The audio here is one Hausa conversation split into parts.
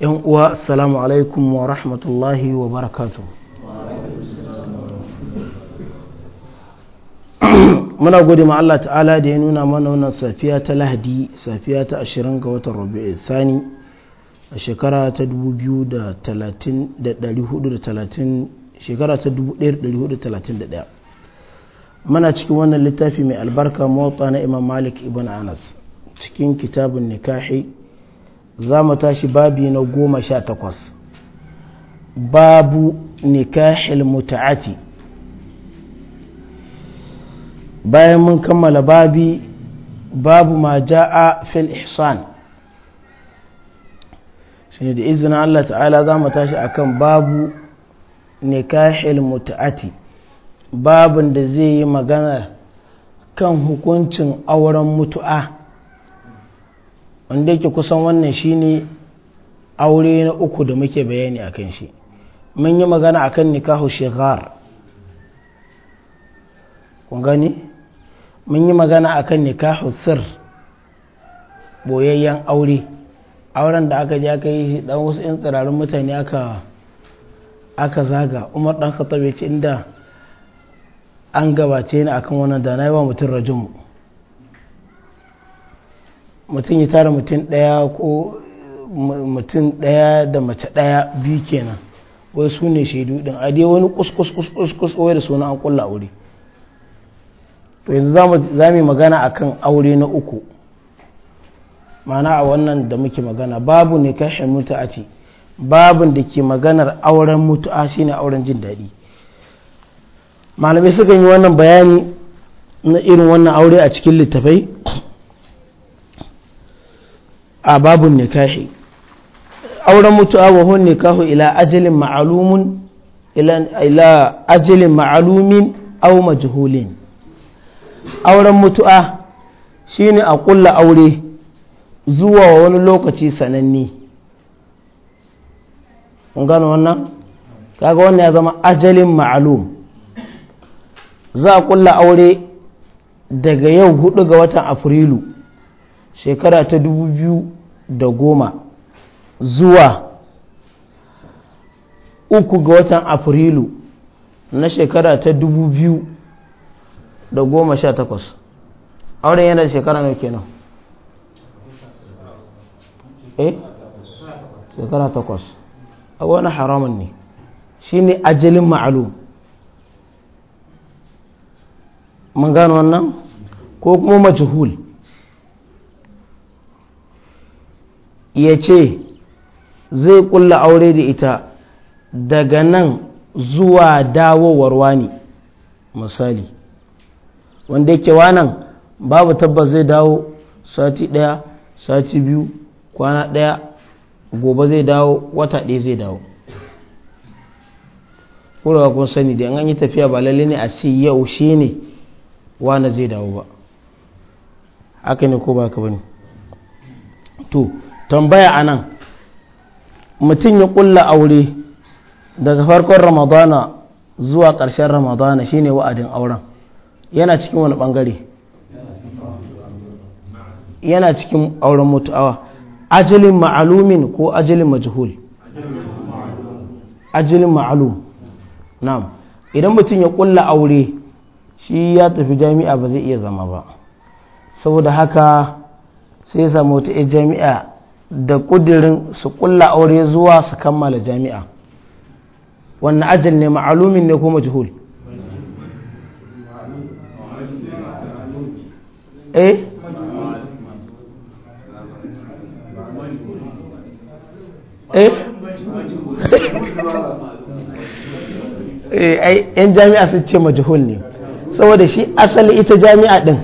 yan uwa assalamu alaikum wa rahmatullahi wa barakatu muna gode ma Allah ta'ala da ya nuna mana wannan safiya ta lahadi safiya ta 20 ga watan rabi'ul thani a shekara ta 2430 shekara ta 1431 mana cikin wannan littafi mai albarka mawata na imam malik ibn anas cikin kitabun nikahi za mu tashi babi na goma sha takwas babu nikahil muta'ati bayan mun kammala babi babu ma ja'a fil ihsan shine da izinin Allah ta'ala za mu tashi akan babu nikahil muta'ati babin da zai yi magana kan hukuncin auren mutu'a wanda yake kusan wannan shine aure na uku da muke bayani a kan shi mun yi magana a kan nikahu shigar kun gani mun yi magana a kan nikahu sir boyayyen aure auren da aka je aka yi shi dan wasu 'yan tsirarin mutane aka zaga umar dan khattab ya ce inda an gabace ni akan wannan da na yi wa mutum rajumu mutum ya tara mutum ɗaya ko mutum ɗaya da mace ɗaya biyu kenan wai su ne shaidu ɗin a dai wani kuskus wai da suna an kulla aure to yanzu za mu magana a kan aure na uku mana a wannan da muke magana babu ne kashin mutu'a ce babun da ke maganar auren mutu'a shine auren jin daɗi malamai sukan yi wannan bayani na irin wannan aure a cikin littafai a babun nikahi auren mutu'a wa nikahu ila ajalin ma'alumun ila ajalin ma'alumin aw majhulin auren mutu'a shine a kulla aure zuwa wani lokaci sananne kun gano wannan kaga wannan ya zama ajalin ma'alum za a kulla aure daga yau hudu ga watan afrilu shekara ta dubu biyu da goma zuwa uku ga watan afrilu na shekara ta dubu biyu da goma sha takwas auren yana da shekara mai kenan eh shekara takwas a wani haramun ne shi ne ajalin ma'alu mun gano wannan ko kuma majhul ya ce zai kulla aure da ita daga nan zuwa dawowar wani misali wanda yake wanan babu tabbas zai dawo sati ɗaya sati biyu kwana ɗaya gobe zai dawo wata ɗaya zai dawo kurawa kun sani da an yi tafiya ba lalle ne a ce yau shi ne wane zai dawo ba haka ne ko ba ka bane to tambaya a nan, mutum ya kulla aure daga farkon ramadana zuwa ƙarshen ramadana shine wa'adin auren yana cikin wani ɓangare, yana cikin auren mutu'awa ajalin ma'alumin ko ajalin majhul ajalin ma'alum na idan mutum ya kulla aure shi ya tafi jami'a ba zai iya zama ba saboda haka sai ya samu wata jami'a da kudirin su ƙulla aure zuwa su kammala jami'a wannan ajal ne ma'alumin ne ko majhul eh, eh? eh yan jami'a sun ce majhul ne saboda shi asali ita jami'a din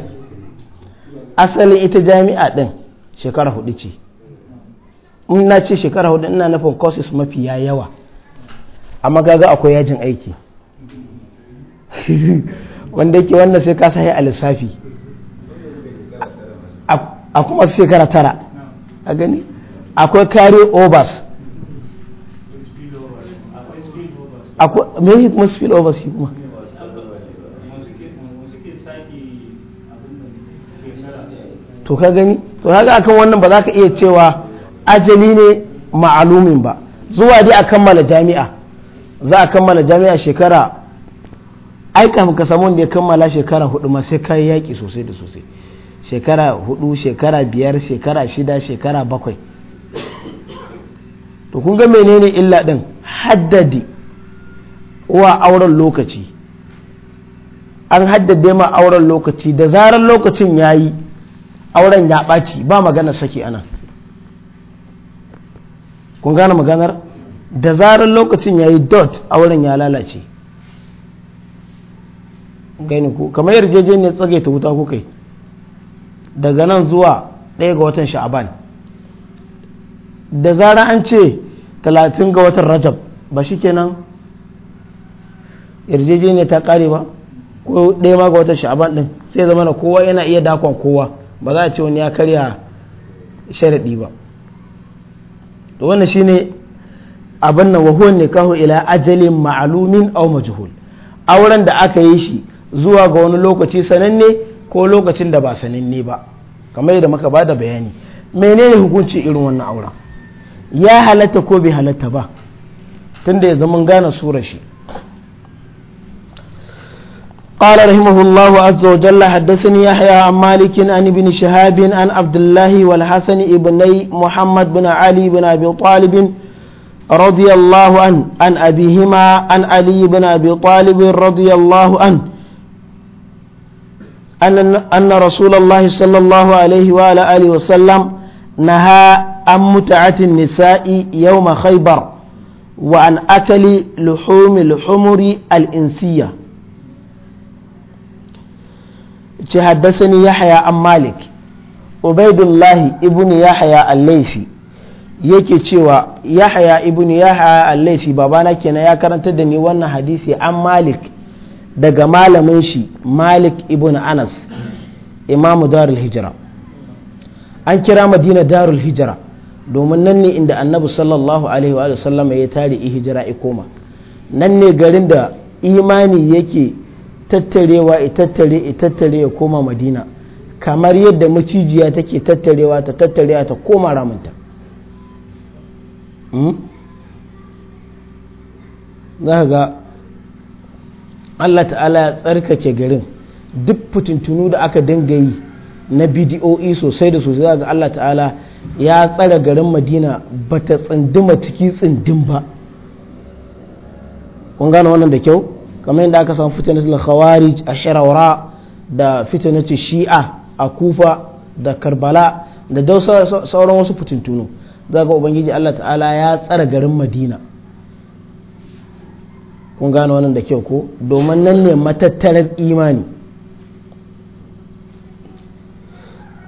asali ita jami'a din shekara hudu ce in na ce shekara hudu ina nufin courses mafiya yawa amma gaga akwai yajin aiki wanda yake wannan sai ka sahi a lissafi a kuma su shekara tara a gani akwai kare overs akwai me kuma spill overs shi kuma to ka gani to haka akan wannan ba za ka iya cewa ajali ne ma'alumin ba zuwa dai a kammala jami'a za a kammala jami'a shekara aika ka samu wanda ya kammala shekara hudu ma sai ka yaƙi sosai da sosai shekara hudu shekara biyar shekara shida shekara bakwai to kun ga menene illa din haddadi wa auren lokaci an haddade ma auren lokaci da zarar lokacin ya yi auren ya ɓaci ba magana saki anan kun gane maganar da zarar lokacin ya yi dot auren ya lalace gani ku kamar yarjejeniyar tsage ta wuta kuka yi daga nan zuwa ɗaya ga watan sha'aban da zarar an ce talatin ga watan rajab ba shi kenan yarjejeniyar ta kare ba ko ɗaya ma ga watan sha'aban ɗin sai zama na kowa yana iya dakon kowa ba za a ce wani ya karya sharaɗi ba to wannan shine abin nan wa huwa nikahu ila ajalin ma'lumin aw majhul auren da aka yi shi zuwa ga wani lokaci sananne ko lokacin da ba sananne ba kamar yadda muka bada bayani menene hukunci irin wannan auren ya halatta ko bai halatta ba tunda ya zama gane surar shi قال رحمه الله عز وجل حدثني يحيى عن مالك عن ابن شهاب عن عبد الله والحسن ابني محمد بن علي بن ابي طالب رضي الله عنه عن ابيهما عن علي بن ابي طالب رضي الله عنه أن أن رسول الله صلى الله عليه وعلى آله وسلم نهى عن متعة النساء يوم خيبر وعن أكل لحوم الحمر الإنسية ce ya yahya an malik ubaidullahi ibnu yahya al-laifi yake cewa yahya ibn yahya al-laifi babana kenan ya karanta da ni wannan hadisi an malik daga malamin shi malik ibn anas imamu darul hijira an kira madina darul hijira domin nan ne inda annabi sallallahu alaihi wa sallama ya tare hijira ikoma nan ne garin da imani yake tattarewa ya tattare ya tattare ya koma madina kamar yadda macijiya take tattarewa ta tattarewa ta koma ramunta hmm? za ga Allah ta'ala ya tsarkake garin duk fitintunu da aka dinga yi na bidiyo'i sosai da sosai za ga Allah ta'ala ya tsara garin madina ba ta tsindima ciki tsindin ba kun gane wannan da kyau kamar yadda aka samu fitinatul khawarij a shirawara da fitinatul shi'a a kufa da karbala da dau sauran wasu fitintuno za ga ubangiji allah ta'ala ya tsara garin madina kun gano wannan da kyau ko domin nan ne matattarar imani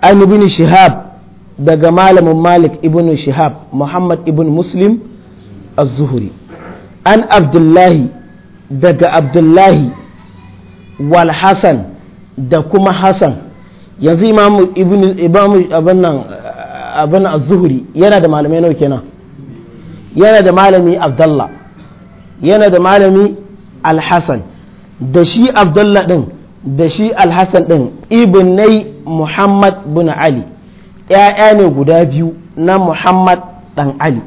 an ibn shihab daga malamin malik ibn shihab muhammad ibn muslim az-zuhri an abdullahi daga abdullahi wal da kuma Hassan yanzu imamu ibn abin yana da malamai nawa kenan yana da malami abdullah yana da malami al da shi abdullah din da shi al-hasan din Ibinai muhammad bin ali ‘ya'ya ne guda biyu na muhammad dan ali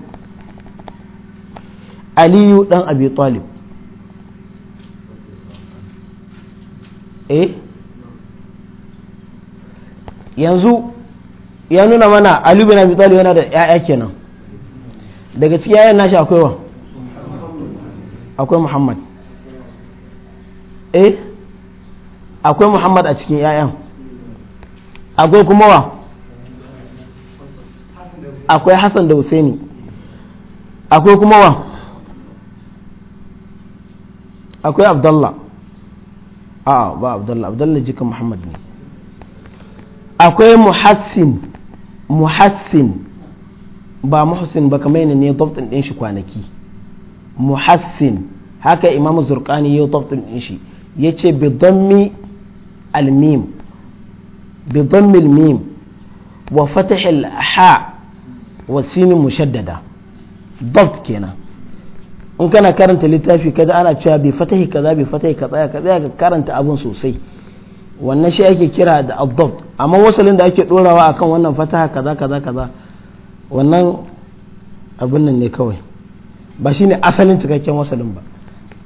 aliyu dan abi talib eh yanzu ya nuna mana alubi bin Abi yana da 'ya'ya kenan daga cikin 'ya'yan nashi akwai wa akwai Muhammad eh akwai Muhammad a cikin 'ya'yan akwai kuma wa akwai Hassan da Husaini akwai kuma wa akwai Abdullah a ba abdullahi abdullahi jikan muhammad ne akwai muhassin muhassin ba muhassin ba kamar ne dabtin din shi kwanaki muhassin haka imamu zurkani ya dabtin din shi ya ce dammi al bi dammi al-mim wa fatah ha wa sinin mushaddada dabt kenan in kana karanta littafi kaza ana cewa bai fatahi kaza bai fatahi kaza ka tsaya ka karanta abun sosai wannan shi ake kira da abdab amma wasalin da ake dorawa akan wannan fataha kaza kaza kaza wannan abun nan ne kawai ba shine asalin cikakken wasalin ba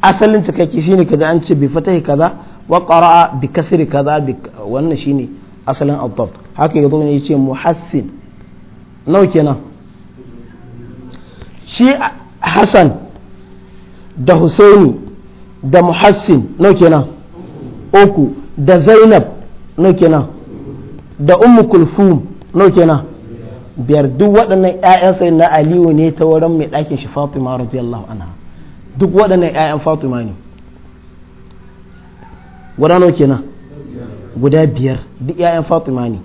asalin cikakke shine kaza an ce bi fatahi kaza wa qara'a bi kasri kaza bi wannan shine asalin abdab haka yazo ne yace muhassin nau kenan shi hasan da husaini da muhassin nau kenan uku da zainab nau kenan da ummu kulfum nau kenan biyar duk waɗannan 'ya'yan sai na aliyu ne ta wurin mai ɗakin shi fatima radiyallahu anha duk waɗannan 'ya'yan fatima ne guda nau kenan guda biyar duk 'ya'yan fatima ne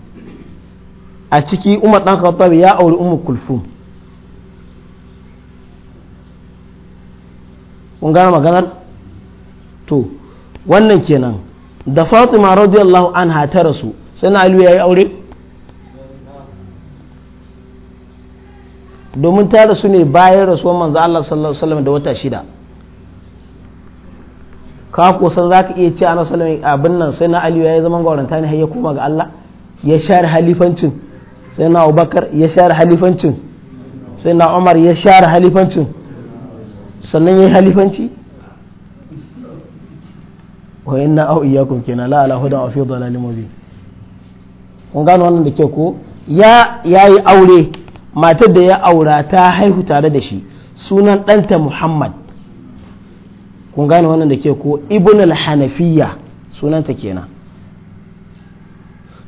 a ciki umar ɗan khattab ya auri ummu kulfum kun gane maganar to wannan kenan da fatima radiyallahu an ta rasu sai na aliyu ya yi aure domin ta rasu ne bayan rasuwan manzo Allah sallallahu alaihi wasallam da wata shida ka kusan za ka iya ce ana salami abin nan sai na aliyu ya yi zaman gwaranta ne ya koma ga Allah ya share halifancin sai na abubakar ya share halifancin sai na umar ya share halifancin sannan yayi halifanci wa inna au iyyakum kana la ala hudan wa fi dhalalin mubin kun gano wannan da ke ko ya yayi aure matar da ya aura ta haihu tare da shi sunan ɗanta Muhammad kun gane wannan da ke ko ibn al-hanafiyya sunanta kenan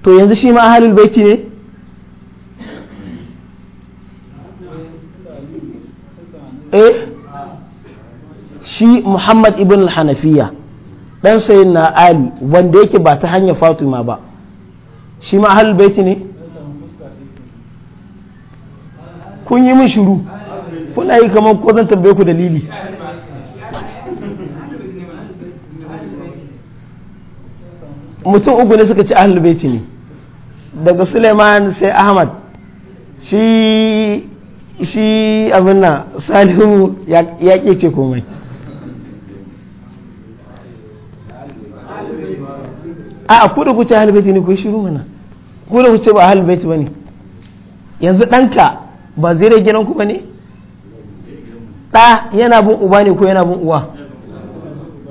to yanzu shi ma ahlul baiti ne shi muhammad ibn hanafiya dan sayin na ali wanda yake ba ta hanyar fatima ba shi ma ahlul baiti ne kun yi min shiru kuna yi kamar ko zan tambaye ku dalili mutum uku ne suka ci ahlul baiti ne daga suleiman sai ahmad shi shi abin nan salihu ya ce komai a ku da kuce ahal baiti ne ku yi shiru mana ku da kuce ba halibaiti ba ne, yanzu ɗanka ba zai gidan ku ne ɗa yana bin uba ne ko yana bin uwa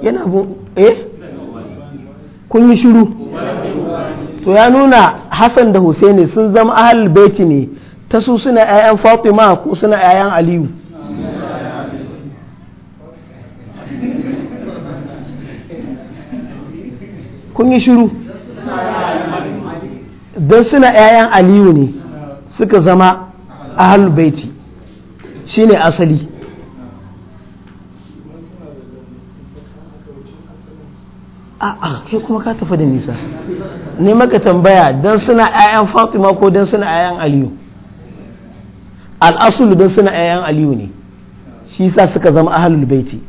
yana bin eh kun yi shiru to ya nuna Hassan da Husaini sun zama ahal baiti ne ta su suna 'ya'yan Fatima ko suna 'ya'yan Aliyu kun yi shiru don suna 'ya'yan aliyu ne suka zama ahalu baiti shi ne asali a'a kai kuma ka tafi da nisa ne maka tambaya don suna 'ya'yan fatima ko don suna 'ya'yan aliyu al'asulu don suna 'ya'yan aliyu ne shi sa suka zama ahalul baiti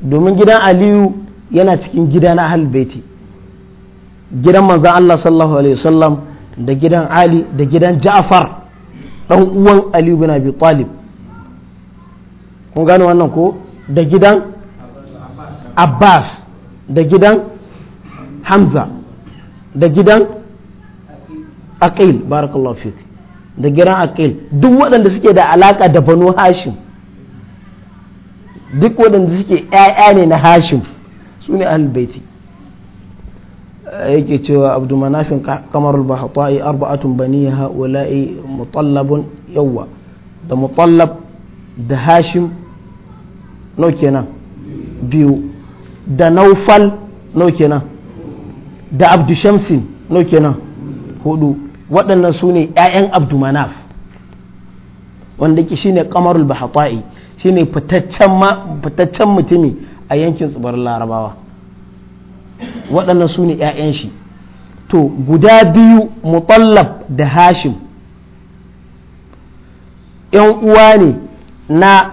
domin gidan aliyu yana cikin gida na ahalul baiti gidan manzan Allah sallallahu alaihi wasallam da gidan Ali da gidan Ja'far ɗan uwan Ali bin Abi Talib kun gane wannan ko da gidan Abbas da gidan Hamza da gidan Aqil barakallahu fik da gidan Aqil duk waɗanda suke da alaka da Banu Hashim duk waɗanda suke ‘ya'ya ne na Hashim su ne ahlul baiti yake cewa abdu manafin kamarul bahata'i arba'atun bani ha'ula'i mutallabun yawwa da mutallab da hashim nauke nan biyu da naufal nauke nan da abdu shamsin nau kenan hudu waɗannan su ne 'ya'yan abdu manaf wanda ke shine kamarul bahata'i ne fitaccen mutumi a yankin tsibirin larabawa waɗannan su ne 'ya'yan shi to guda biyu mutallab da hashim ‘yan uwa ne na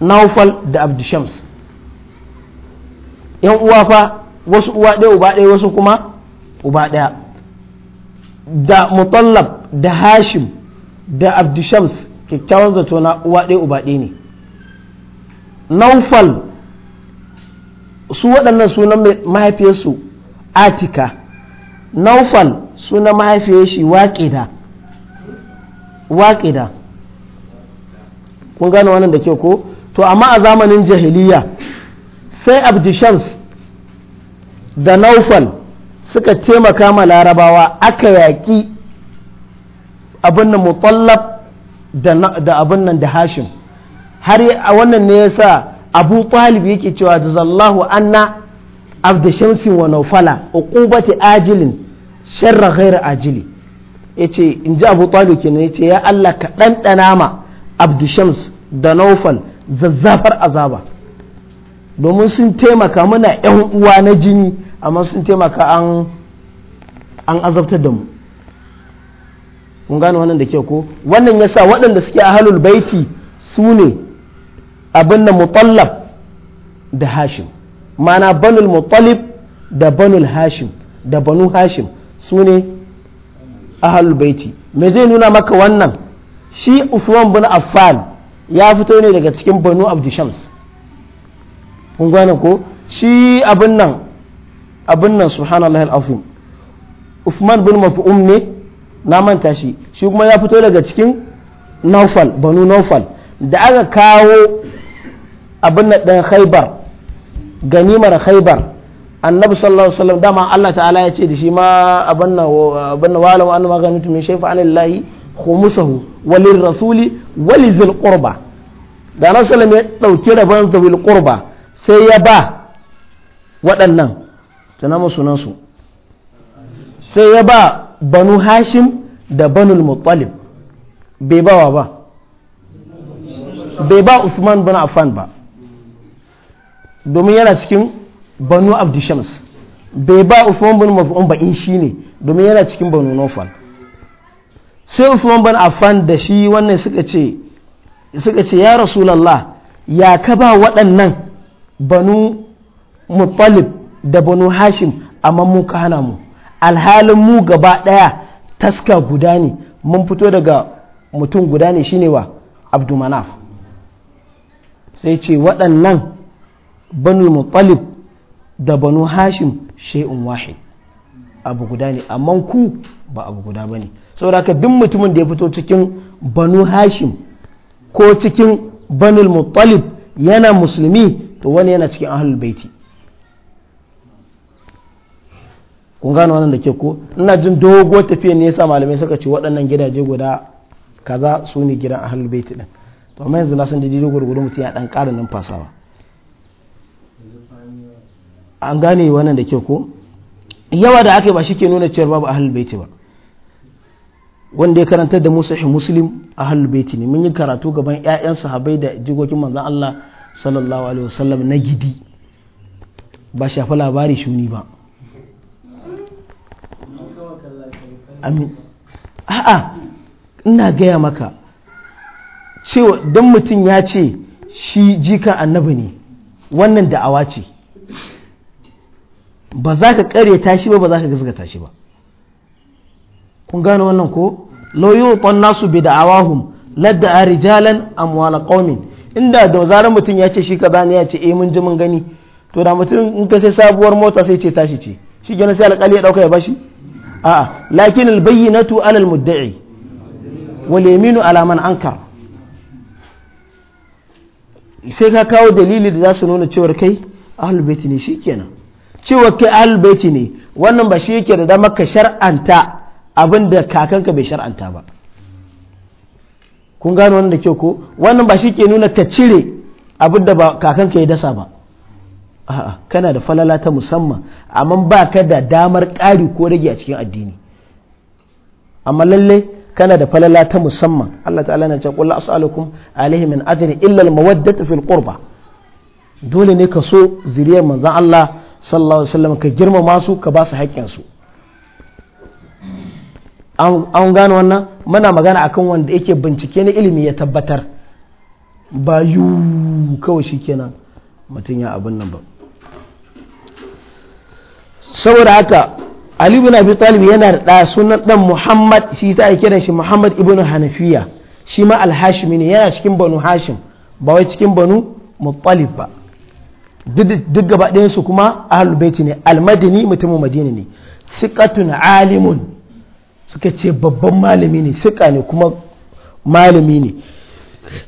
naufal da abdushams ‘yan uwa fa wasu uwa ɗaya uba ɗaya wasu kuma uba ɗaya da mutallab da hashim da abdushams kyakkyawan zato na uwa ɗaya uba ɗaya ne naufal su waɗannan sunan mahaifiyarsu atika naufal sunan mahaifiyar shi waƙida waƙida kun wannan da ke ko to amma a zamanin jahiliya sai abdishans da naufal suka taimaka ma larabawa aka yaƙi abin nan mutallab da abin da hashim har a wannan ne ya sa abu talib yake cewa jazallahu anna abda shamsi wa naufala uqubati ajilin sharra ghairu ajili yace in ji abu talib kenan yace ya Allah ka ɗanɗana ma abdu da naufal zazzafar azaba domin sun taimaka muna yan uwa na jini amma sun taimaka an azabtar da mu kun gano wannan da kyau ko wannan yasa waɗanda suke a halul baiti su ne abin da mutallab da hashim mana banul mutallab da banul hashim da banu hashim su ne a baiti me zai nuna maka wannan shi usman bin affan ya fito ne daga cikin banu abdushams kun gane ko shi abin nan abin nan subhanallah al'afim usman bin mafi'um ne na manta shi shi kuma ya fito daga cikin naufal banu naufal da aka kawo abin nan ɗin haibar ganimar haibar annabi sallallahu alaihi wasallam dama Allah ta'ala ya ce da shi ma abin nan abin nan walam an magana mutum shi fa anillahi khumusahu walil rasuli walizil qurba da annabi sallam alaihi wasallam ya dauki rabon zawil qurba sai ya ba waɗannan tunan sunan su sai ya ba banu hashim da banul muttalib bai bawa ba bai ba usman bin affan ba domin yana cikin banu abdushams bai ba usman bin mafi'un ba in shi ne domin yana cikin banu nufal sai usman bin affan da shi wannan suka ce ya rasu ya rasulallah ya ka ba waɗannan banu muttalib da banu hashim amma mu ka hana mu alhalin mu gaba ɗaya taska guda ne mun fito daga mutum guda ne shine wa abdumanaf sai ce waɗannan banu mutalib da banu hashim shay'un wahid abu guda ne amma ku ba abu guda ba ne saboda haka duk mutumin da ya fito cikin banu hashim ko cikin banul mutalib yana musulmi to wani yana cikin ahlul baiti kun gano wannan da ke ko ina jin dogo tafiyar ne yasa malamai suka ce waɗannan gidaje guda kaza su ne gidan ahlul baiti din to amma yanzu na san daidai gurgurun mutum ya dan ƙara numfasawa an gane wannan da kyau ko yawa da aka yi ba shi ke nuna cewa babu ahlul baiti ba wanda ya karanta da musahi muslim ahlul baiti ne mun yi karatu gaban ƴaƴan sahabbai da jigogin manzon Allah sallallahu alaihi wasallam na gidi ba shafa labari shuni ba amin a'a ina gaya maka cewa don mutum ya ce shi jika annabi ne wannan da'awa ce ba za ka kare tashi ba ba za ka gizga tashi ba kun gane wannan ko Lauyo, ton nasu bi da'awahum ladda rijalan amwal qaumin inda da zaran mutum ya ce shi kaza ne ya ce eh mun ji mun gani to da mutum in ka sai sabuwar mota sai ce tashi ce shi gina sai alƙali ya dauka ya bashi a'a lakin bayyinatu ala mudda'i wal yaminu ala man ankar sai ka kawo dalili da za su nuna cewar kai ahlul bait ne shikenan cewa kai albaiti ne wannan ba shi yake da dama ka shar'anta abin kakanka bai shar'anta ba kun gano wannan da kyau ko wannan ba shi ke nuna ka cire abin ba kakanka ya dasa ba a'a kana da falala ta musamman amma ba ka da damar ƙari ko rage a cikin addini amma lalle kana da falala ta musamman Allah ta'ala na ce qul as'alukum alaihi min ajrin illa mawaddata fil qurba dole ne ka so zuriyar manzon Allah sallallahu alaihi wasallam ka girmama su ka ba su haƙƙin su an gano wannan muna magana akan wanda yake bincike na ilimi ya tabbatar ba yu kawai shikenan mutum ya abin nan ba saboda haka Ali ibn Abi Talib yana da ɗa sunan dan Muhammad shi ta kiran shi Muhammad ibn Hanafiya shi ma al-Hashimi ne yana cikin Banu Hashim ba wai cikin Banu Muttalib ba duk gaba ɗayan su kuma ahlul baiti ne almadini mutumin madina ne siqatun alimun suka ce babban malami ne siqa ne kuma malami ne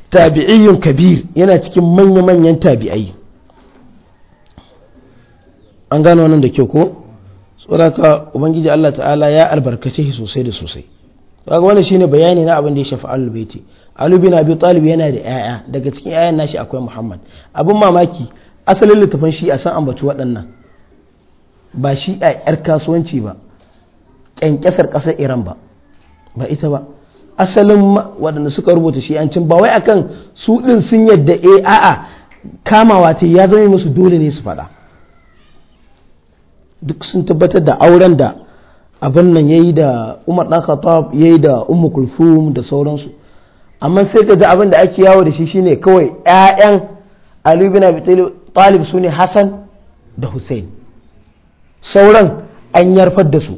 tabi'iyyun kabir yana cikin manya-manyan tabi'ai an gano wannan da kyau ko tsoraka ubangiji Allah ta'ala ya albarkace shi sosai da sosai kaga wannan shine bayani na abin da ya shafi ahlul baiti Ali bin Abi Talib yana da 'ya'ya daga cikin 'ya'yan nashi akwai Muhammad abin mamaki asalin littafin shi a san ambaci waɗannan ba shi a 'yar kasuwanci ba ƙyanƙyasar ƙasar iran ba ba ita ba asalin waɗanda suka rubuta shi shi'ancin ba wai akan su ɗin sun yadda a eh, a'a kamawa ta ya zama musu dole ne su faɗa duk sun tabbatar da auren da abin nan ya yi da Umar ɗan Khattab yi da umar kulfum da sauransu amma sai ka ji abin da ake yawo da shi shine kawai 'ya'yan ali bin abi talib su ne hassan da hussein sauran an yarfar da su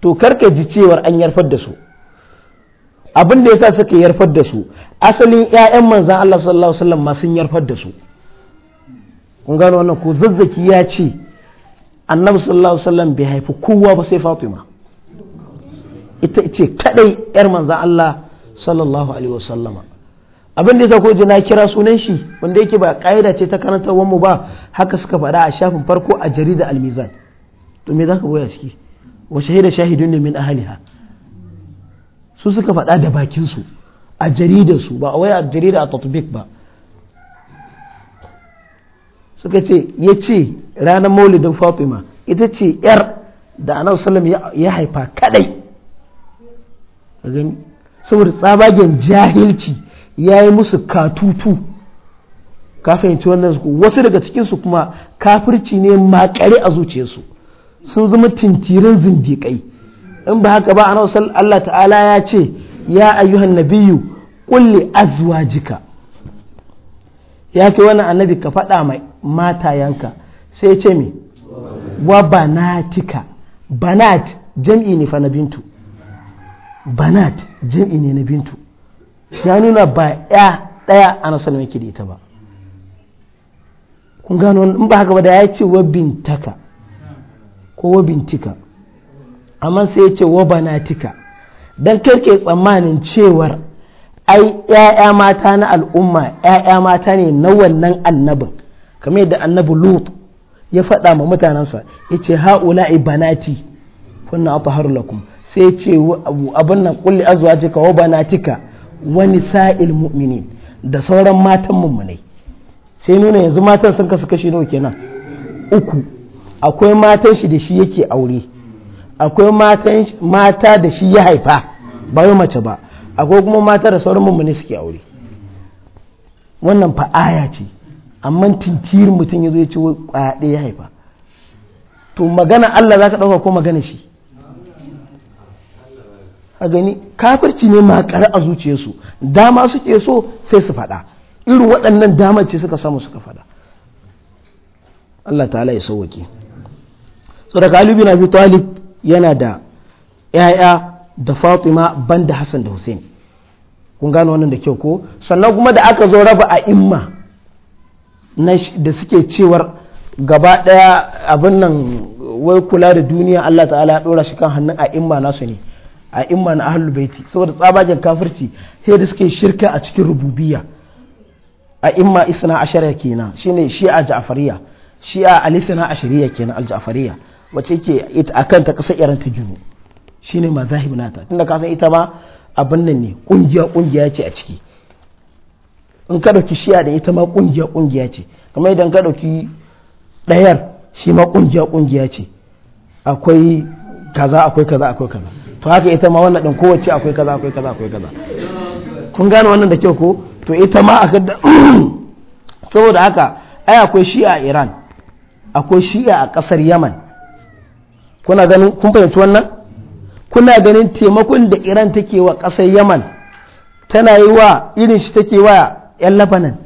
to karka ji cewar an yarfar da su abin da yasa suka yarfar da su asalin ƴaƴan manzan Allah sallallahu alaihi wasallam ma sun yarfar da su kun gano wannan ko zazzaki ya ce annabi sallallahu alaihi wasallam bai haifi kowa ba sai fatima ita ce kadai yar manzan Allah sallallahu alaihi wasallama abin da ya ko na kira sunan shi wanda yake ba ƙa'ida ce ta karantarwar mu ba haka suka faɗa a shafin farko a jarida almizan to me zaka boya ciki wa shahida shahidun ne min ahliha su suka faɗa da bakin su a jaridar su ba wai a jarida a tatbik ba suka ce ya ce ranar maulidin fatima ita ce yar da annabi sallam ya haifa kadai saboda tsabagen jahilci ya yi musu katutu ka fahimci wannan wasu daga cikinsu kuma kafirci ne makare a zuciyarsu sun zama tintirin zindiƙai in ba haka ba a nausar Allah ta'ala ya ce ya ayyuhan nabiyu azuwa jika. ya ke wannan annabi ka faɗa mai yanka. sai ce mi wa banatika banat jam'i ne fa na bintu banat jam'i ne na bintu ya nuna ba ya ɗaya ana salama yake da ita ba kun gano in ba haka ba da ya ce wa bintaka ko wa bintika amma sai ya ce wa banatika don karke tsammanin cewar ai ‘ya'ya mata na al'umma ‘ya'ya mata ne na wannan annabin kamar yadda annabi lut ya faɗa ma mutanensa ya ce ha'ula'i banati kunna a lakum sai ya ce abin nan kulli azuwa wa banatika wani sa'il mumini da sauran matan mummunai sai nuna yanzu matan sun kasu kashi nawa kenan uku akwai matan shi da shi yake aure akwai mata da shi ya haifa ba mace ba akwai kuma mata da sauran mummunai suke aure wannan fa aya ce amma tintir mutum ya zo ya ce kwaɗe ya haifa to magana Allah za ka ɗauka ko magana shi a gani kafirci ne makare a zuciyarsu dama suke so sai su faɗa irin waɗannan dama ce suka samu suka faɗa Allah ta'ala ya sauwake da kalubi na fi Talib yana da ‘ya'ya da Fatima banda Hassan da Hussein kun gano wannan da kyau ko sannan kuma da aka zo raba a imma da suke cewar gaba ɗaya abin nan wai kula da duniya Allah ta'ala ya ɗora shi kan hannun a imma nasu ne a imma na ahlul baiti saboda tsabagen kafirci he da suke shirka a cikin rububiyya a imma isna ashara kenan shine shi'a ja'fariya shi'a alisna ashariya kenan al-ja'fariya wacce ke akan ta kasa iran ta junu shine mazahib nata tunda ka san ita ma abin nan ne kungiya kungiya ce a ciki in ka dauki shi'a da ita ma kungiya kungiya ce kamar idan ka dauki dayar shi ma kungiya kungiya ce akwai kaza akwai kaza akwai kaza to haka ita ma wannan din kowace akwai kaza akwai kaza akwai kaza kun gane wannan da kyau ko to ita ma aka saboda haka ai akwai shi'a a Iran akwai shi'a a kasar Yaman kuna ganin kun fahimci wannan kuna ganin taimakon da Iran take wa kasar Yaman tana yi wa irin shi take wa 'yan labanan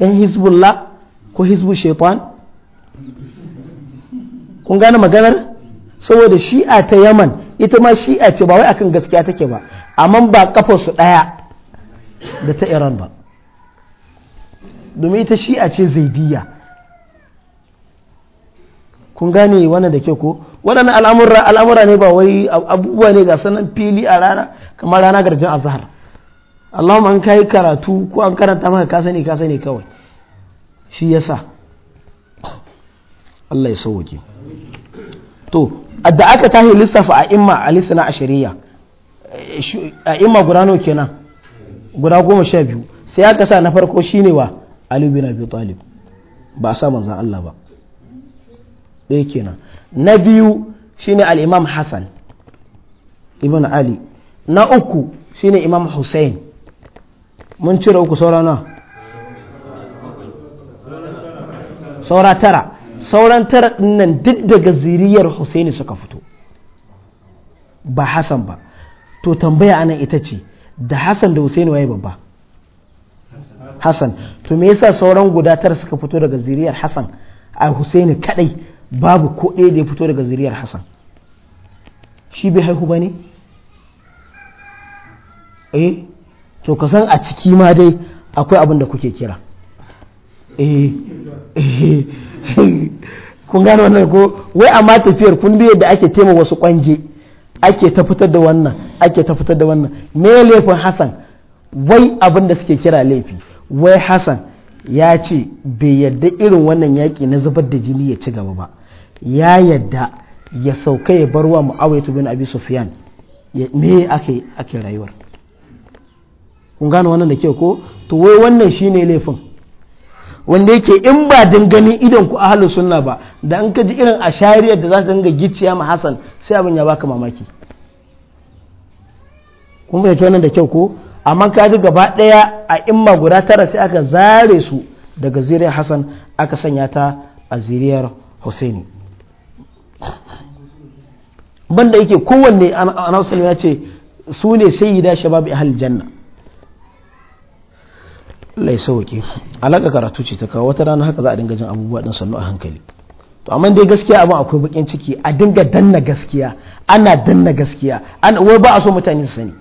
'yan Hezbollah ko hezbo shaitan kun gane maganar saboda shi'a ta Yaman ita ma shi a ce ba wai akan gaskiya take ba amma ba kafa su daya da ta iran ba domin ita shi a ce zaidiya kun gane wani da ke ko waɗannan al'amura al'amura ne ba wai abubuwa ne ga sanan fili a rana kamar rana garjin azhar Allahumma an kai karatu ko an karanta maka ka sani ka sani kawai shi yasa Allah ya sauke to da aka tahi lissafa a imma a lissana a shari'a a imma guda nawa kenan guda goma sha biyu sai aka sa na farko shine wa ali bin abi talib ba a sa manzan Allah ba ɗaya kenan na biyu shine ne imam Hassan, ibn ali na uku shine imam hussein mun cire uku saura na saura tara sauran tara nan duk daga ziriyar husaini suka fito ba hassan ba to tambaya anan ita ce da hassan da husaini waye babba hassan to me yasa sauran guda tara suka fito daga ziriyar hassan a husaini kadai babu ko ɗaya da ya fito daga ziriyar hassan shi bai haihu ba ne eh to ka san a ciki ma dai akwai abin da kuke kira eh eh kun gano wannan ko wai amma tafiyar kun bi yadda ake tema wasu kwange ake ta fitar da wannan ake ta fitar da wannan me laifin hasan wai abin da suke kira laifi wai hasan ya ce bai yadda irin wannan yaƙi na zubar da jini ya ci gaba ba ya yadda ya sauka ya bar wa mu'awaitu bin abi sufyan me ake ake rayuwar kun gano wannan da ke ko to wai wannan shine laifin wanda yake in ba din ganin idon ku ahalu sunna ba da an ka ji irin ashariyar da za ta dinga gicciya ma hasan sai abin ya baka mamaki kun ya nan da kyau ko amma ka ji gaba daya a imma guda tara sai aka zare su daga ziriyar hasan aka sanya ta a ziriyar husaini banda yake kowanne annabi ya ce su ne sayyida shabab ahal janna Allah ya alaka karatu ce ta kawo wata rana haka za a dinga jin abubuwa din sannu a hankali to amma dai gaskiya abin akwai bakin ciki a dinga danna gaskiya ana danna gaskiya an wai ba a so mutane su sani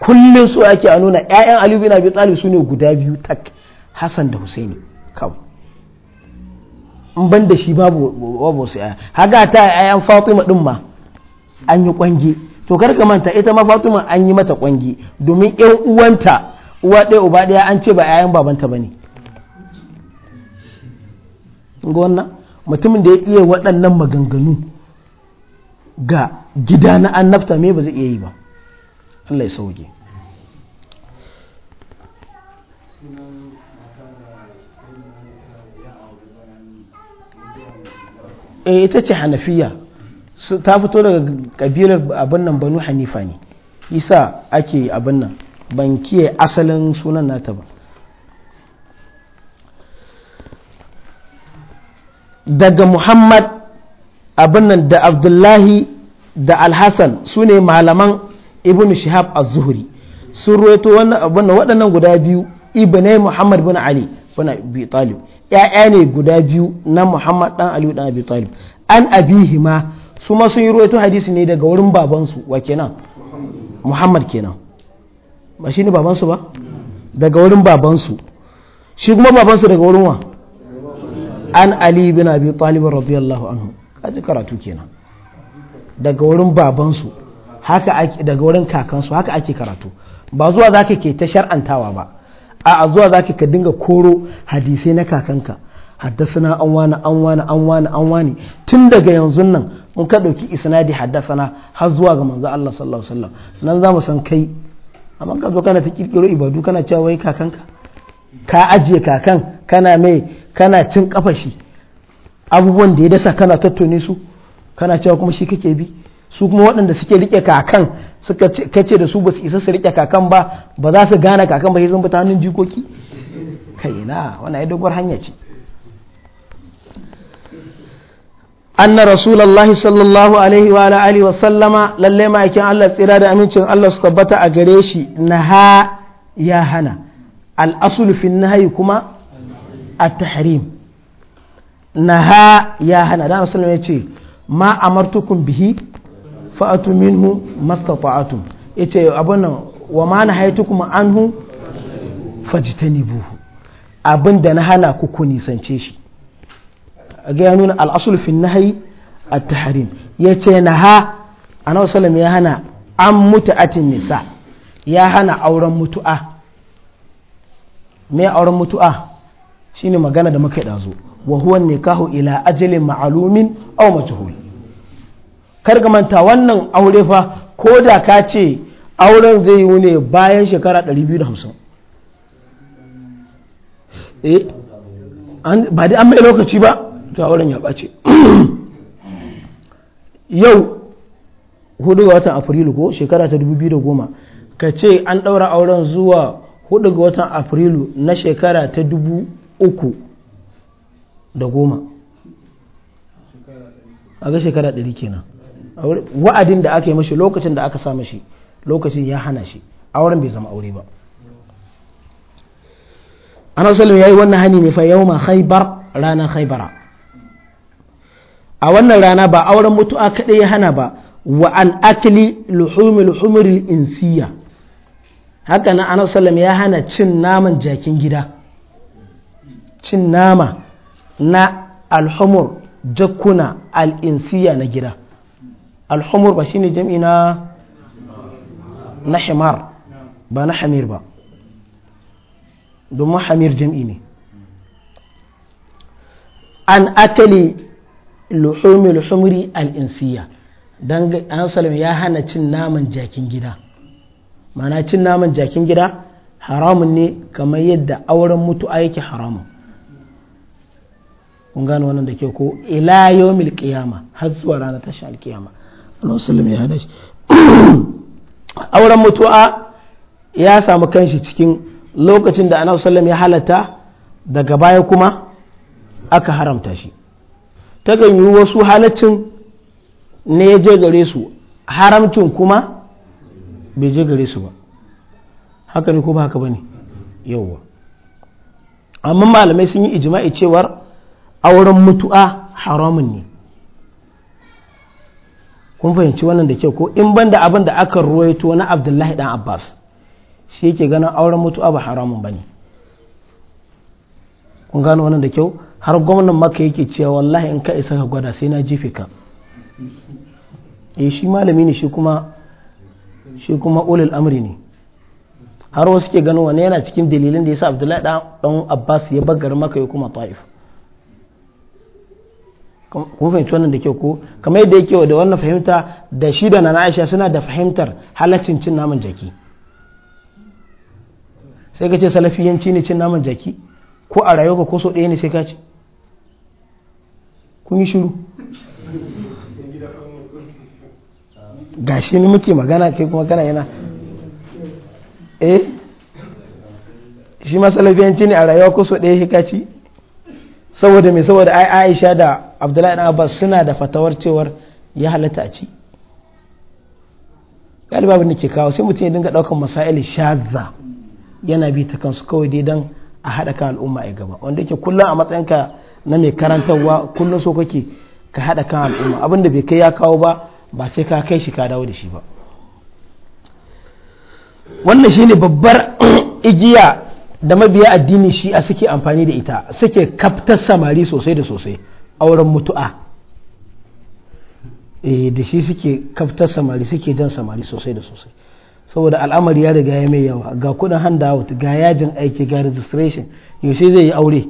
kullun so ake a nuna ƴaƴan Ali bin Abi Talib sune guda biyu tak Hassan da Husaini kawai in ban da shi babu babu sai aya ta ƴaƴan Fatima din ma an yi kwange to kar ka manta ita ma Fatima an yi mata kwange domin ƴan uwanta uwa ɗaya uba ɗaya an ce ba 'ya'yan babanta ba ne wannan mutumin da ya iya waɗannan maganganu ga gida na annabta me ba zai iya yi ba allai ya sauke eh ita ce hanafiya ta fito daga kabilar abin nan banu hanifa ne isa ake abin nan ban kiye asalin sunan nata ba daga muhammad abin nan da abdullahi da alhassan su ne malaman ibn shihab az-zuhri sun ruwaito waɗannan guda biyu ibn muhammad bin ali bin abi talib ya'ya ne guda biyu na muhammad dan ali dan abi talib an abihima su ma sun yi ruwaito hadisi ne daga wurin babansu wa kenan muhammad kenan ba shi ne babansu ba daga wurin babansu shi kuma babansu daga wurin wa an ali bin abi talib radiyallahu anhu kaji karatu kenan daga wurin babansu haka ake daga wurin kakansu haka ake karatu ba zuwa zaka ke ta shar'antawa ba a zuwa zaka ka dinga koro hadisai na kakanka haddasana an wani an wani an wani an wani tun daga yanzu nan in ka ɗauki isnadi haddasana har zuwa ga manzo Allah sallallahu alaihi wasallam nan za mu san kai amma ka zo kana ta kirkiro ibadu kana cewa wai kakanka ka ajiye kakan kana mai kana cin kafashi abubuwan da ya dasa kana tattone su kana cewa kuma shi kake bi su kuma waɗanda suke rike kakan suka kace da su ba su isa su rike kakan ba ba za su gane kakan ba sai sun bi hannun jikoki kai na wannan ai doguwar hanya ce anna rasulullahi sallallahu alaihi wa alihi wa sallama lalle ma'aikin Allah tsira da aminci Allah su tabbata a gare shi naha ya hana al-aslu fi nahyi kuma at-tahrim naha ya hana dan rasul ce ma amartukum bihi fa'atu minhu mastata'atum yace abun nan wa ma nahaytukum anhu fajtanibuhu abin da na hana ku ku nisance shi ga ya nuna al'asul fi nahyi at yace naha a sallallahu ya hana an mutu atin nisa ya hana auren mutu'a me auren mutu'a shine magana da muka dazo wa huwa nikahu ila ajalin ma'lumin aw majhul kar ga manta wannan aure fa ko da ka ce auren zai yi ne bayan shekara 250 eh ba dai an mai lokaci ba to auren ya ɓace yau hudu ga watan afrilu ko shekara ta 2010 ka ce an ɗaura auren zuwa hudu ga watan afrilu na shekara ta uku da goma a ga shekara 100 kenan wa'adin da aka yi mashi lokacin da aka sa mashi lokacin ya hana shi auren bai zama aure ba ana salim ya yi wannan hani mai fa yau ma haibar ranar haibara a wannan rana ba auren mutu'a kaɗai ya hana ba wa an luhumi luhumiril insiya haka na ya hana cin naman jakin gida cin nama na alhumur jakuna al'insiya na gida alhumur ba shine jam'i na na himar ba na hamir ba domin hamir jam'i ne an akali luhumil humri al-insiya dan an ya hana cin naman jakin gida mana cin naman jakin gida haramun ne kamar yadda auren mutu'a yake haramun kun gano wannan da ke ko ila yawmil qiyama har zuwa ranar tashin alkiyama Allah ya hana shi auren mutu'a ya samu kanshi cikin lokacin da Annabi sallam ya halatta daga baya kuma aka haramta shi takan yi wasu halaccin ne ya je gare su haramcin kuma bai je gare su ba haka ne ko haka ba ne yauwa amma malamai sun yi ijima'i cewar auren mutu'a haramun ne kun fahimci wannan da kyau ko in ban da abin da aka ruwaito na abdullahi dan abbas shi yake ganin auren mutu'a ba haramun ba ne kun gano wannan da kyau har gwamnan maka yake cewa wallahi in ka isa ka gwada sai na jefe ka eh, shi malami ne shi kuma shi kuma ulul amri ne har wasu ke ganin wani yana cikin dalilin da sa Abdullahi dan Abbas ya bagar maka ya kuma Taif kun fahimci wannan da ke ko kamar yadda yake da wannan fahimta da shi da na Aisha suna da fahimtar halaccin cin naman jaki sai ka ce salafiyanci ne cin naman jaki ko a rayuwa ko so ɗaya ne sai ka ci kun yi shiru shi ne muke magana kai kuma kana yana eh shi masalafiyanci ne a rayuwa ko so ɗaya hikaci saboda mai saboda ai aisha da abdullahi dan abbas suna da fatawar cewar ya halatta a ci galiba abin da ke kawo sai mutum ya dinga ɗaukar masail shaza yana bi ta kansu kawai dai dan a haɗa kan al'umma a gaba wanda yake kullum a matsayinka na mai karantarwa kullum so kake ka haɗa kan al'umma da bai kai ya kawo ba ba sai ka kai shi ka dawo da shi ba wannan shi ne babbar igiya da mabiya addini shi a suke amfani da ita suke kaftar samari sosai da sosai auren mutu'a eh, da shi suke kaftar samari suke jan samari sosai da sosai saboda al'amari ya riga ya mai yawa ga kudin handout ga yajin aiki ga registration yaushe zai yi aure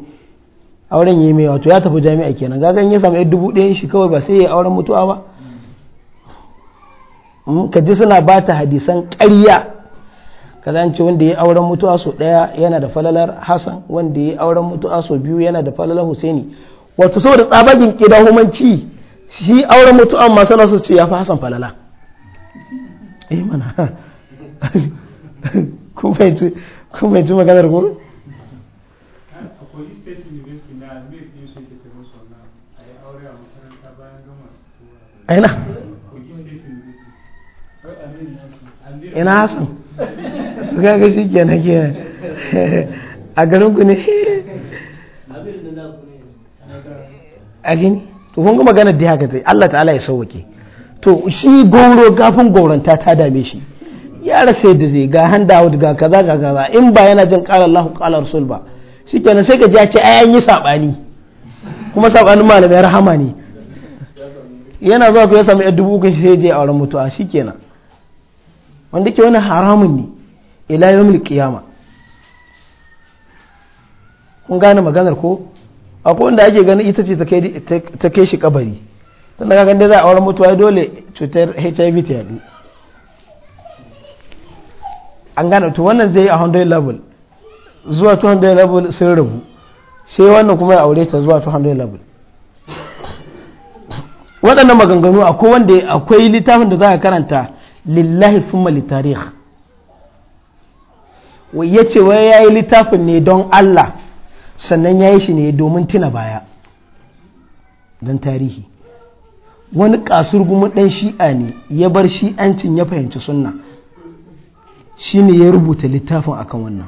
auren yi mai wato ya tafi jami'a kenan ga in ya samu yar dubu ɗayan shi kawai ba sai ya auren mutuwa ba ka ji suna ba ta hadisan ƙarya kaza ce wanda ya auren mutuwa so ɗaya yana da falalar Hassan wanda ya auren mutuwa so biyu yana da falalar Husaini wato saboda tsabagin humanci shi auren mutuwa ma sana su ce ya fi Hassan falala eh mana kun fahimci maganar ko aina ina hasan to kaga shi na kenan a garin ku ne a gini to kun da haka tai Allah ta'ala ya sauwake to shi goro gafin gauranta ta dame shi ya rasa yadda zai ga handa ga kaza ga kaza in ba yana jin qala Allahu qala rasul ba shikenan sai ka ji ya ce ayan an yi sabani kuma sabanin malamai rahama ne yana zuwa ku ya samu yar dubu uku sai je wurin mutuwa kenan wanda ke wani haramun ne ila yawmil kiyama kun gane maganar ko akwai wanda ake ganin ita ce ta kai shi kabari ta ka ganda za a wurin mutuwa dole cutar HIV ta yadu an gane to wannan zai yi a 100 level zuwa 200 level sun rabu sai wannan kuma ya aure ta zuwa 200 level waɗannan maganganu akwai wanda akwai littafin da za a karanta lillahi summa tarih wai ya ce wai ya yi littafin ne don Allah sannan ya yi shi ne domin tuna baya don tarihi wani gumi ɗan shi'a ne ya bar shi'ancin ya fahimci sunna shi ne ya rubuta littafin akan wannan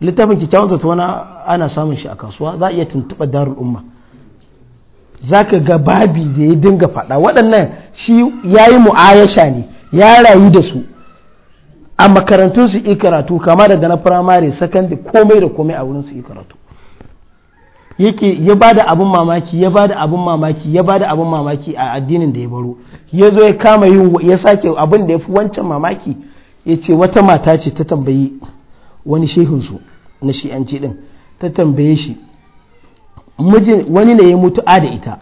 littafin kyakkyawan zato ana samun shi a kasuwa za a iya tuntuɓa darul umma Zaka ka ga babi da ya dinga faɗa waɗannan shi ya yi mu'ayasha ne ya rayu da su a makarantun su yi karatu kama daga na firamare sakandi komai da komai a wurin su yi karatu yake ya ba da abin mamaki ya ba da abin mamaki ya ba da abin mamaki a addinin da ya baro ya zo ya kama yin ya sake abin da ya fi wancan mamaki ya ce wata mata ce ta tambayi wani shehinsu na shi'anci din ta tambaye shi mijin wani ne ya mutu'a da ita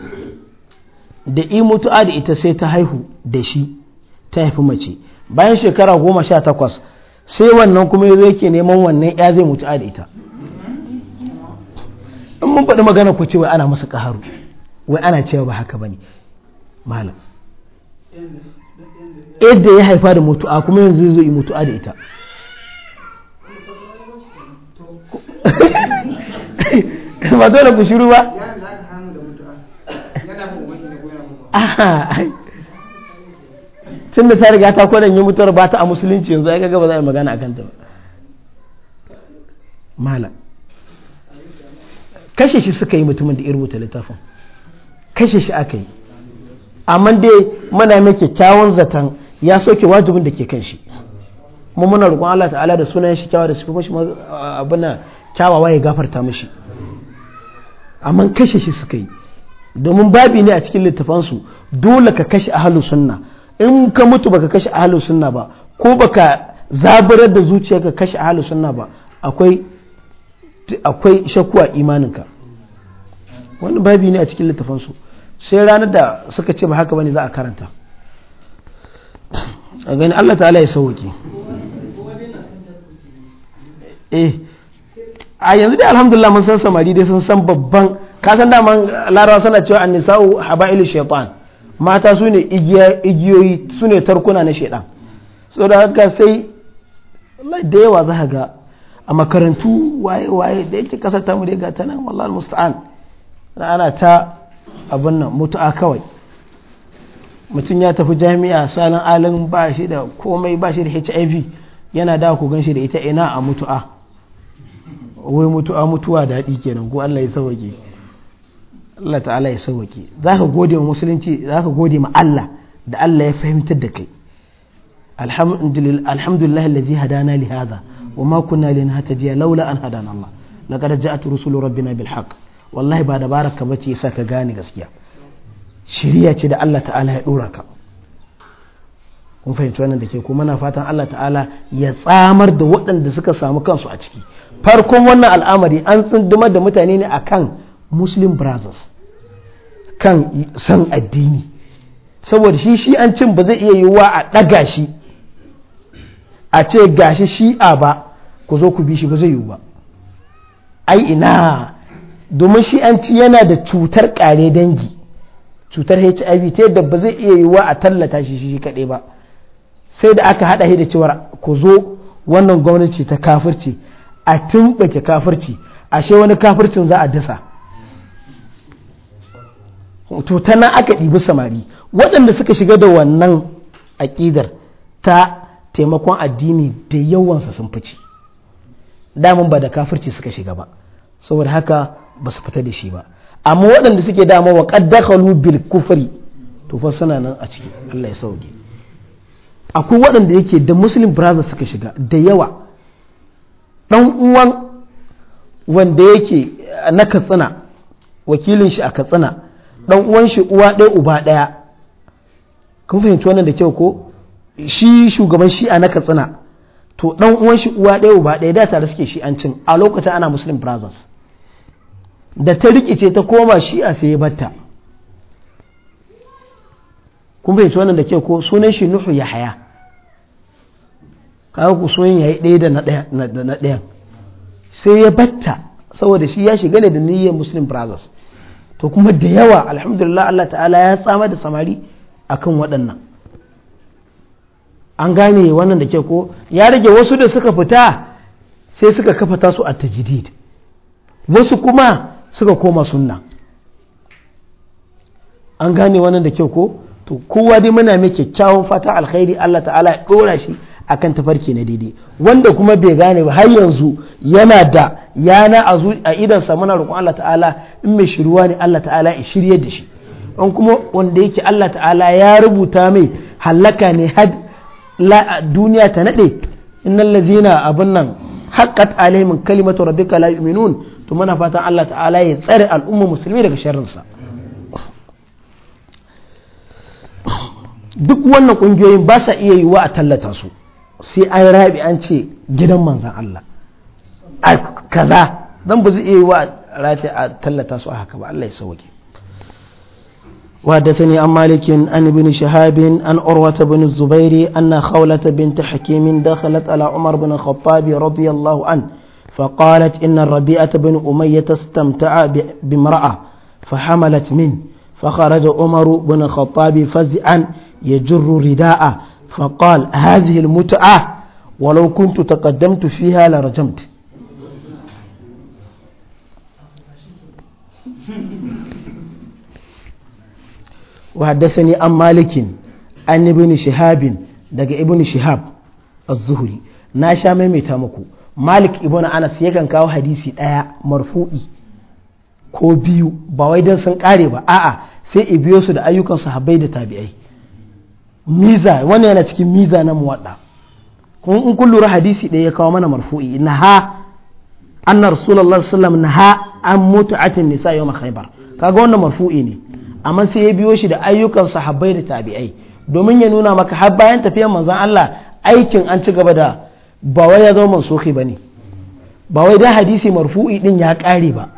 da i mutu'a da ita sai ta haihu da shi ta haifi mace bayan shekara goma sha takwas sai wannan kuma yazo yake neman wannan ya zai mutu'a da ita in mun faɗi magana ku ce wai ana masa ƙaharu wai ana cewa ba haka ba ne malam yadda ya haifa da mutu'a kuma yanzu zai yi mutu'a da ita ba dole ku shiru ba tun da ta riga ta kwanan yi mutuwar ba ta a musulunci yanzu ya gaba za a yi magana a kanta ba mala kashe shi suka yi mutumin da ya littafin kashe shi aka yi amma dai mana mai kyakkyawan zaton ya soke wajibin da ke kan shi mu muna roƙon Allah ta'ala da sunayen shi kyawa da sifofin shi abin kyawawa ya gafarta mishi amma kashe shi suka yi domin babi ne a cikin littafansu dole ka kashe ahalus sunna in ka mutu baka kashe ahalus sunna ba ko baka zaburar da zuciya ka kashe ahalus sunna ba akwai akwai shakku a imaninka wani babi ne a cikin littafansu sai ranar da suka ce ba haka bane za a karanta a gani Allah ta'ala ya sauke eh a yanzu dai alhamdulillah mun san samari dai sun san babban ka san dama larawa suna cewa annisa'u haba'il shaitan mata su ne igiyoyi su ne tarkuna na shaitan da haka sai da yawa za ga a makarantu waye waye da yake kasar tamu dai ga tana wallahi musta'an ana ta abin nan mutu'a kawai mutum ya tafi jami'a salon alin ba shi da komai ba shi da hiv yana da ku gan da ita ina a mutu'a wai mutuwa mutuwa daɗi kenan ko Allah ya sauwake Allah ta'ala ya za ka gode wa musulunci ka gode ma Allah da Allah ya fahimtar da kai alhamdulillah alladhi hadana li hadha ma kunna jiya laula an hadana Allah laqad ja'at rusulu rabbina bil haqq wallahi ba da dabaraka bace yasa ka gane gaskiya shiriya ce da Allah ta'ala ya dora ka kun fahimci wannan da ke kuma na fatan Allah ta'ala ya tsamar da waɗanda suka samu kansu a ciki farkon wannan al'amari an tsundumar da mutane ne a kan muslim brothers kan san addini saboda shi shi an cin ba zai iya yiwuwa a ɗaga shi a ce gashi shi'a ba ku zo ku bi shi ba zai yiwu ba ai ina domin shi'anci yana da cutar ƙare dangi cutar hiv ta yadda ba zai iya yiwuwa a tallata shi shi kaɗai ba sai da aka haɗa shi da cewar ku zo wannan gwamnati ta kafirci a tumɓake kafirci ashe wani kafircin za a dasa to ta nan aka ɗibi samari waɗanda suka shiga da wannan aƙidar ta taimakon addini da yawansa sun fice damun ba da kafirci suka shiga ba saboda haka ba su fita da shi ba amma waɗanda suke dama wa kaddakalu bil kufri to fa suna nan a ciki Allah ya sauke akwai waɗanda yake da muslim brothers suka shiga da yawa dan uwan wanda yake na katsina wakilin shi a katsina dan uwan shi uwa ɗaya uba ɗaya kun fahimci wannan da kyau ko shi shugaban a na katsina to dan uwan shi uwa ɗaya uba ɗaya da tare suke cin, a lokacin ana muslim brothers da ta rikice ta koma a sai batta kun fahimci wannan da kyau ko sunan shi nuhu ya haya kawo ku soyin ya yi ɗaya da na ɗayan sai ya batta saboda shi ya shiga ne da niyyar muslim brothers to kuma da yawa alhamdulillah Allah ta'ala ya tsama da samari kan waɗannan an gane wannan da ke ko ya rage wasu da suka fita sai suka kafa tasu a tajidid wasu kuma suka koma sunna an gane wannan da kyau ko to kowa dai muna mai kyakkyawan fata alkhairi Allah ta'ala ya ɗora shi akan tafarki na daidai wanda kuma bai gane ba har yanzu yana da yana a idan sa muna roƙon Allah ta'ala in mai shiruwa ne Allah ta'ala in shirye da shi in kuma wanda yake Allah ta'ala ya rubuta mai halaka ne had duniya ta nade innal ladzina abun nan haqqat alaihim kalimatu rabbika la yu'minun to muna fatan Allah ta'ala ya tsare al'umma musulmi daga sharrin sa duk wannan kungiyoyin ba sa iya yiwa a tallata su sai an rabi an ce gidan manzan Allah a kaza dan ba zai iya wa rafi a tallata su a haka ba Allah ya sauke وحدثني عن مالك عن ابن شهاب عن عروة بن الزبير أن خولة بنت حكيم دخلت على عمر بن الخطاب رضي الله عنه فقالت إن الربيعة بن أمية استمتع بامرأة فحملت منه فخرج عمر بن الخطاب فزعا يجر رداءه فقال هذه المتعة ولو كنت تقدمت فيها لرجمت وحدثني عن مالك عن ابن شهاب دقى ابن شهاب الزهري ناشا ميميتا مكو malik ibn anas yakan kawo hadisi ɗaya marfu'i ko biyu ba wai don sun ƙare ba a'a sai i biyo su da ayyukan sahabbai da tabi'ai miza wannan yana cikin miza na muwadda kun in kun lura hadisi ɗaya ya kawo mana marfu'i na ha naha anna rasulullahi na ha an mutu atin nisa yau makaibar kaga wannan marfu'i ne amma sai ya biyo shi da ayyukan sahabbai da tabi'ai domin ya nuna maka har bayan tafiyar manzon Allah aikin an ci gaba da ba wai ya zama mansuhi bane ba wai da hadisi marfu'i din ya kare ba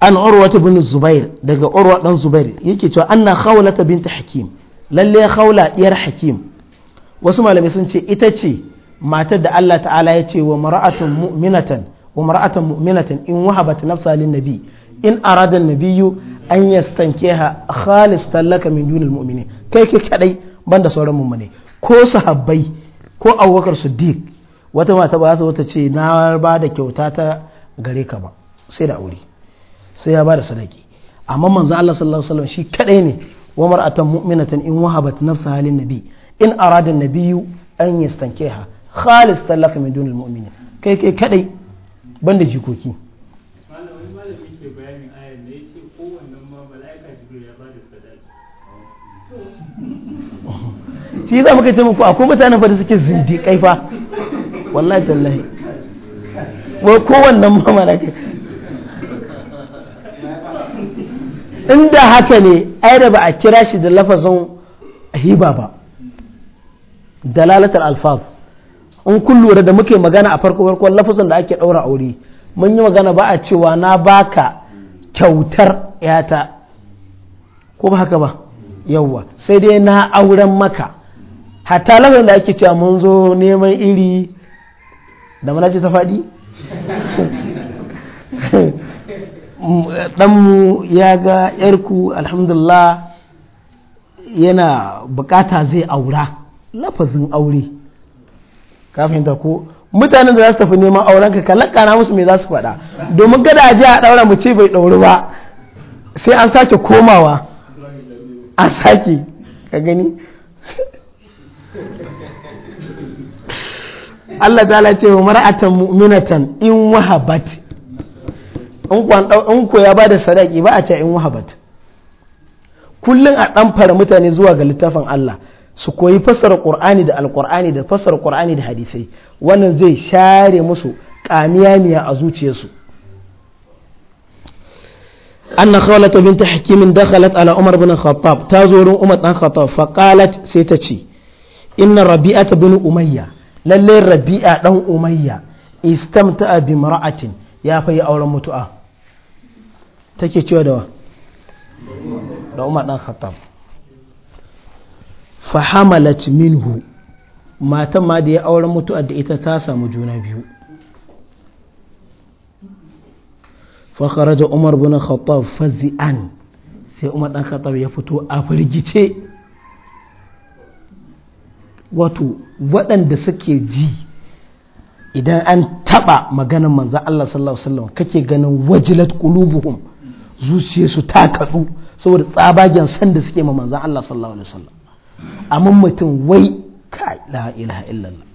an ta bin zubair daga urwa dan zubair yake cewa anna ta binta hakim lalle khawla diyar hakim wasu malamai sun ce ita ce matar da Allah ta'ala ya ce wa mar'atun mu'minatan wa mu'minatan in wahabat nafsa lin nabi in arada nabiyyu an yastankiha khalis tallaka min dunil mu'minin kai ke kadai banda sauran mummune ko sahabbai ko abubakar siddiq wata mata ba za ta ce na ba da kyauta ta gare ka ba sai da aure sai ya ba da sadaki amma manzo Allah sallallahu alaihi wasallam shi kadai ne wa mar'atan mu'minatan in wahabat nafsaha halin nabi in arada nabiyyu an yastankiha khalis talaka min dunil mu'minin kai kai kadai banda jikoki shi za mu kai ce muku akwai mutanen fa da suke zindiƙai fa wallahi tallahi ko kowannan ma malaka inda haka ne ai da ba a kira shi da lafazin hiba ba dalalatar alfaz in kun lura da muke magana a farko farko lafazin da ake ɗaura aure mun yi magana ba a cewa na baka kyautar yata ko ba haka ba yawwa sai dai na auren maka hatta lafazin da ake cewa mun zo neman iri da mana ce ta faɗi ɗanmu ya ga yarku alhamdulillah yana bukata zai aura lafazin aure kafin ta ko mutanen da za su tafi neman auren ka kalakana musu mai za su faɗa domin gada a a ɗaura mu ce bai ɗauri ba sai an sake komawa a sake ka gani Allah ta ce wa mara'atan mu'minatan in wahabat in ko ya ba da sadaki ba a ta in wahabat kullum a ɗamfara mutane zuwa ga littafin Allah su koyi fasar ƙur'ani da alƙur'ani da fasar ƙur'ani da hadisai wannan zai share musu ƙamiyaniya a zuciyarsu أن خولة بنت حكيم دخلت على عمر بن الخطاب تازور أمة بن الخطاب فقالت سيتشي إن ربيعة بن أمية للي ربيعة بن أمية استمتع بامرأة يا فيا auren mutu'a. take cewa da wa da umar dan khattab hamalat minhu matan ma da ya auren mutu da ita ta samu juna biyu kharaja umar bin khattab fazi'an sai umar dan khattab ya fito a firgice wato waɗanda suke ji idan an taɓa maganar manzan Allah sallallahu Alaihi wasallam kake ganin wajilat qulubuhum su ta kaɗu saboda tsabagen sanda suke ma manzan Allah sallallahu alaihi wasallam amma mutum wai ka la ilaha illallah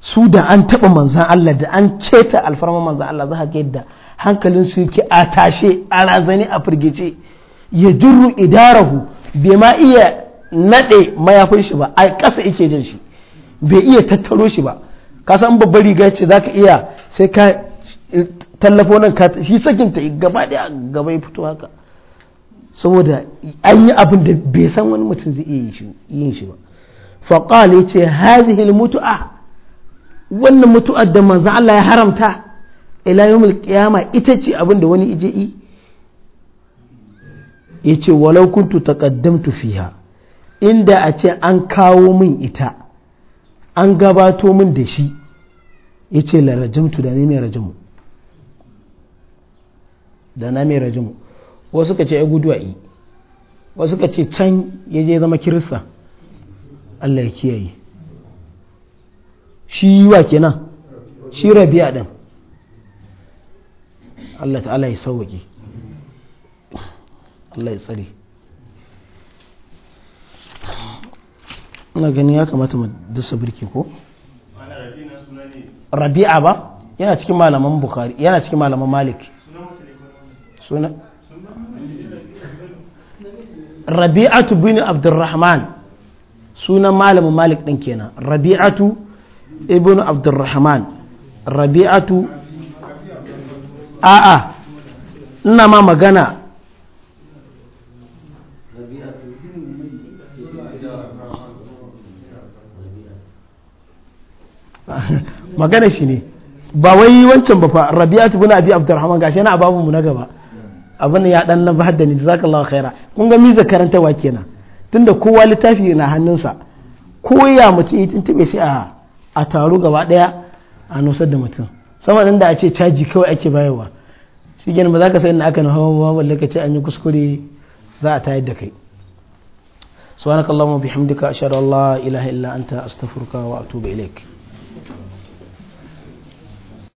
su da an taɓa manzan Allah da an ceta alfarma manzan Allah za ka yadda hankalin su yake a tashe a razani a firgice ya jirru idarahu bai ma iya naɗe mayafin shi ba a ƙasa yake jin shi bai iya tattaro shi ba ka san babbar riga ce za ka iya sai ka tallafo nan ka shi sakin ta gaba da gaba ya fito haka saboda an yi abin da bai san wani mutum zai iya yin shi ba ya ce hadhihi mutu'a wannan mutu'a da manzo Allah ya haramta ila yawmil qiyama ita ce abin da wani ije yi yace walau kuntu taqaddamtu fiha inda a ce an kawo min ita an gabato min da shi yace la rajamtu da ne mai rajamu da na mai rajimu wasu ka ce ya a yi wasu ka ce can ya je zama kirista Allah ya kiyaye shi yi wa kenan shi rabi'a din Allah ta'ala ya sauwaƙe Allah ya tsare ina gani ya kamata mu dasa birki ko rabi'a ba yana cikin malaman yana cikin malaman malik suna rabi'atu bin abdurrahman sunan malamin malik ɗin kenan rabi'atu ibn abdurrahman rabi'atu a'a ina ma magana magana shi ne ba wai wancan ba fa rabi'atu bin abi abdurrahman gashi yana babu mu na gaba abin ya dan na da ni Allah khaira kun ga miza wa kenan tunda kowa littafi na hannunsa ko ya mace yi tuntube sai a a taro gaba daya a nusar da mutum saboda da a ce caji kawai ake bayarwa shi kenan ba za ka na aka na hawa ba ka ce an yi kuskure za a tayar da kai subhanakallahumma bihamdika ashhadu an la ilaha illa anta astaghfiruka wa atubu ilaik